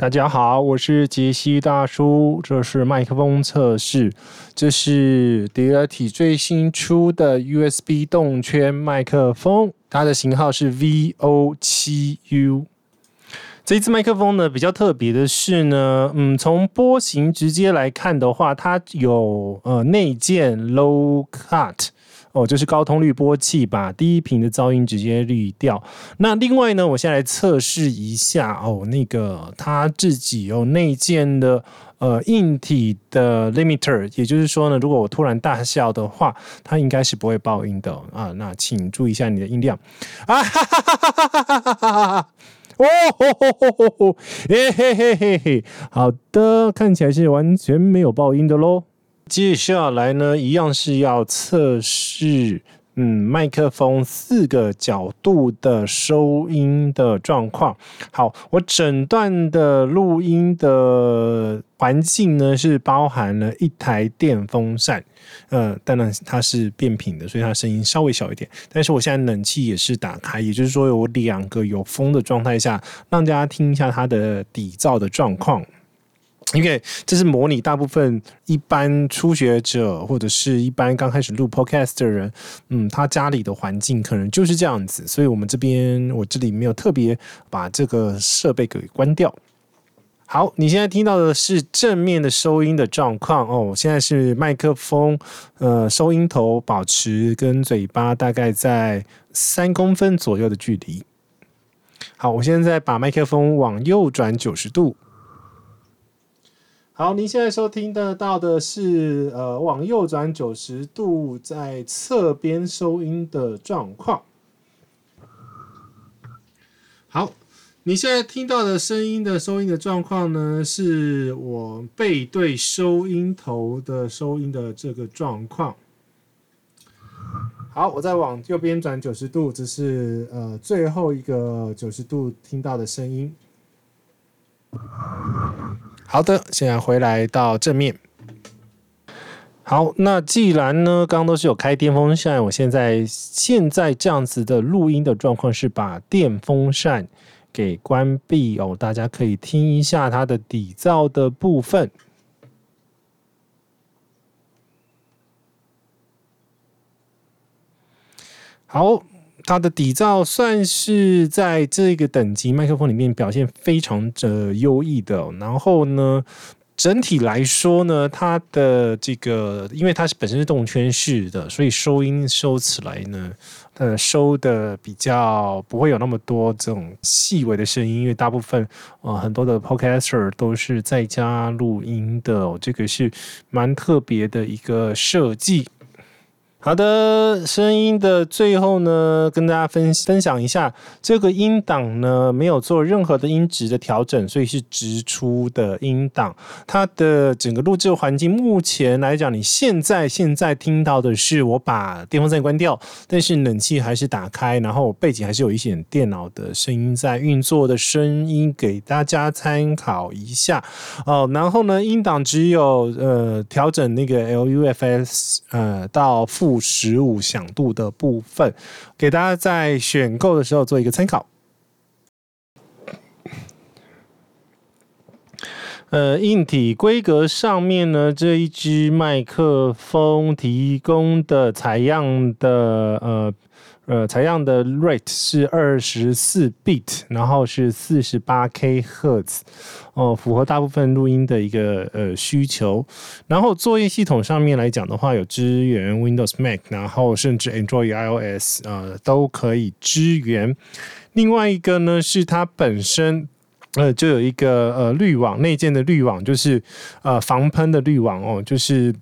大家好，我是傑西大叔，這是麥克風測試，這是 DEITY 最新出的 USB 動圈麥克風，它的型號是 VO-7U。這次麥克風呢比較特別的是呢，嗯，從波形直接來看的話，它有呃內建 low cut。哦，就是高通濾波器把低頻的噪音直接濾掉。那另外呢，我先來測試一下哦，那個它自己有內建的呃硬體的 limiter，也就是說呢，如果我突然大笑的話，它應該是不會爆音的啊。那請注意一下你的音量啊！哈哈哈哈哈哈哈哈哈哈！哦吼吼吼吼吼！哎、欸、嘿嘿嘿嘿！好的，看起來是完全沒有爆音的嘍。接下來呢，一樣是要測試，嗯，麥克風四個角度的收音的狀況。好，我整段的錄音的環境呢，是包含了一台電風扇，呃，當然它是變頻的，所以它聲音稍微小一點。但是我現在冷氣也是打開，也就是說有兩個有風的狀態下，讓大家聽一下它的底噪的狀況。因為、okay, 這是模擬大部分一般初學者或者是一般剛開始錄 Podcast 的人，嗯，他家裡的環境可能就是這樣子，所以我們這邊我這裡沒有特別把這個設備給關掉。好，你現在聽到的是正面的收音的狀況哦。我現在是麥克風，呃，收音頭保持跟嘴巴大概在三公分左右的距離。好，我現在把麥克風往右轉九十度。好，您現在收聽得到的是，呃，往右轉九十度在側邊收音的狀況。好，你現在聽到的聲音的收音的狀況呢，是我背對收音頭的收音的這個狀況。好，我再往右邊轉九十度，這是呃最後一個九十度聽到的聲音。好的，現在回來到正面。好，那既然呢，剛剛都是有開電風扇，我現在現在這樣子的錄音的狀況是把電風扇給關閉哦，大家可以聽一下它的底噪的部分。好。它的底噪算是在這個等級麥克風裡面表現非常的，呃，優異的哦。然後呢，整體來說呢，它的這個，因為它是本身是動圈式的，所以收音收起來呢，呃，收的比較不會有那麼多這種細微的聲音。因為大部分呃很多的 podcaster 都是在家錄音的哦，這個是蠻特別的一個設計。好的，聲音的最後呢，跟大家分享一下這個音檔呢，沒有做任何的音質的調整，所以是直出的音檔。它的整個錄製環境，目前來講，你現在現在聽到的是我把電風扇關掉，但是冷氣還是打開，然後背景還是有一些電腦的聲音在運作的聲音，給大家參考一下哦。然後呢，音檔只有呃調整那個 LUFS 呃到負。十五響度的部分，給大家在選購的時候做一個參考。呃，硬體規格上面呢，這一支麥克風提供的採樣的呃。呃，採樣的 rate 是二十四 bit，然後是四十八 k 赫茲，哦，符合大部分錄音的一個呃需求。然後，作業系統上面來講的話，有支援 Windows Mac，然後甚至 Android iOS 啊，呃，都可以支援。另外一個呢，是它本身呃就有一個呃濾網內建的濾網，就是呃防噴的濾網哦，就是。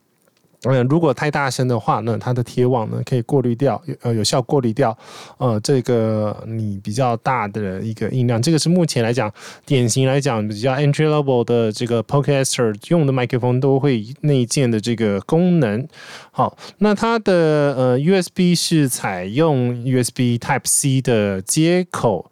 當然、嗯，如果太大聲的話呢，它的鐵網呢可以過濾掉，呃，有效過濾掉，呃，這個你比較大的一個音量。這個是目前來講，典型來講比較 entry level 的這個 podcaster 用的麥克風都會內建的這個功能。好，那它的呃 USB 是採用 USB Type C 的接口。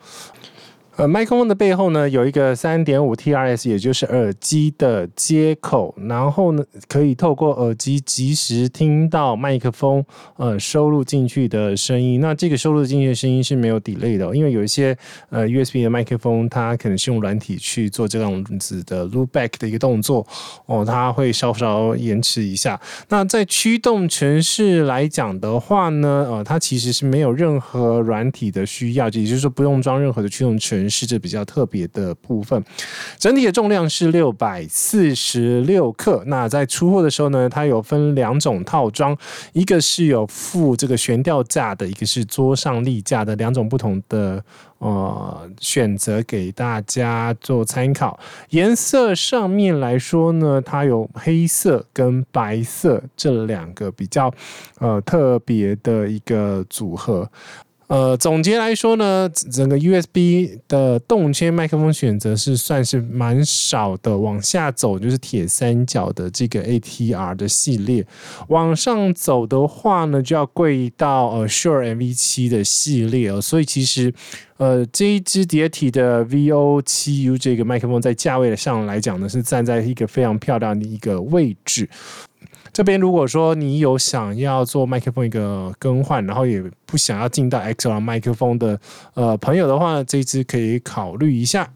呃，麥克風的背後呢，有一個三點五 TRS，也就是耳機的接口，然後呢，可以透過耳機即時聽到麥克風呃收錄進去的聲音。那這個收錄進去的聲音是沒有 delay 的，因為有一些呃 USB 的麥克風，它可能是用軟體去做這樣子的 loopback 的一個動作哦，呃，它會稍稍延遲一下。那在驅動程式來講的話呢，呃，它其實是沒有任何軟體的需要，也就是說不用裝任何的驅動程式。是這比較特別的部分，整體的重量是六百四十六克。那在出貨的時候呢，它有分兩種套裝，一個是有附這個懸吊架的，一個是桌上立架的兩種不同的呃選擇給大家做參考。顏色上面來說呢，它有黑色跟白色這兩個比較呃特別的一個組合。呃，總結來說呢，整個 USB 的動圈麥克風選擇是算是蠻少的。往下走就是鐵三角的這個 ATR 的系列，往上走的話呢，就要貴到呃 Shure MV7 的系列哦。所以其實，呃，這一支 DEITY 的 VO-7U 這個麥克風在價位上來講呢，是站在一個非常漂亮的一個位置。這邊，如果說你有想要做麥克風一個更換，然後也不想要進到 XLR 麥克風的呃朋友的話呢，這一支可以考慮一下。